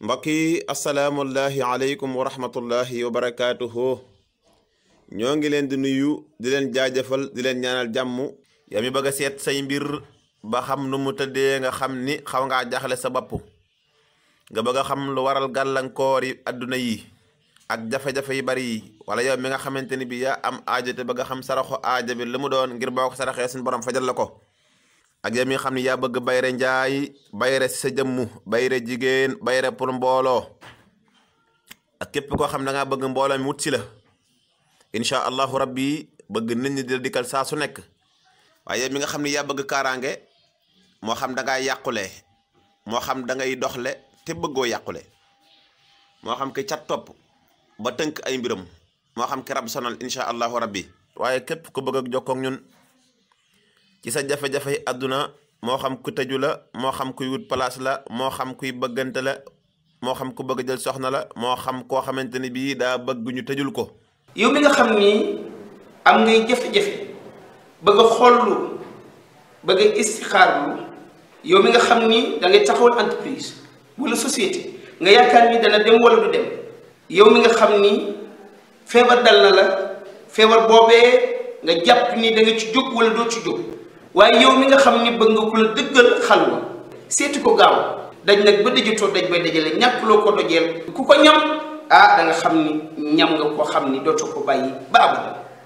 mbokk yi asalaamullahi aleykum wa rahmatullahi wa ngi leen di nuyu di leen jaajëfal di leen ñaanal jàmm yaa mi bëgg a seet say mbir ba xam nu mu tëddee nga xam ni xaw ngaa jaxle sa bopp nga bëgg a xam lu waral gàllankoor yi adduna yi ak jafe-jafe yu bari yi wala yow mi nga xamante ni bi yaa am aajo te bëgg xam saraxo aajo bi li mu doon ngir boo saraxee suñu borom fajal la ko a yow mi nga xam ne yaa bëgg bayre njaay bayre si sa jëmm bayre jigéen bayre pour mbooloo ak képp koo xam ne da bëgg mbooloo mi wut si la incha allahu rabbi bëgg nit ñi di la dikkal saa su nekk waaye mi nga xam ne yaa bëgg kaaraange moo xam da ngaa yàqule moo xam da ngay le te bëggoo yàqule moo xam ki cat topp ba tënk ay mbiram moo xam ki rab sonal incha allahu rabbi waaye képp ku bëgg ak jokkoo ci sa jafe-jafe àdduna moo xam ku tëju la moo xam kuy wut place la moo xam kuy bëggante la moo xam ku bëgg jël soxna la moo xam koo xamante ni bii daa bëgg ñu tëjul ko. yow mi nga xam nii am ngay jafe-jafe bëgg a xollu bëgg a istixaarlu yow mi nga xam ni da ngay taxawal entreprise wala société nga yaakaar ni dana dem wala du dem yow mi nga xam ni feebar dal na la feebar boobee nga jàpp ni da ci jóg wala doo ci jóg. waaye yow mi nga xam ni bëgg nga ku la dëggal xalwa seeti ko gaaw daj nag ba dëjatoo daj bay dajale ñàkk loo ko dojeel ku ko ñam ah da nga xam ni ñam nga ko xam ni dootu ko bàyyi ba abada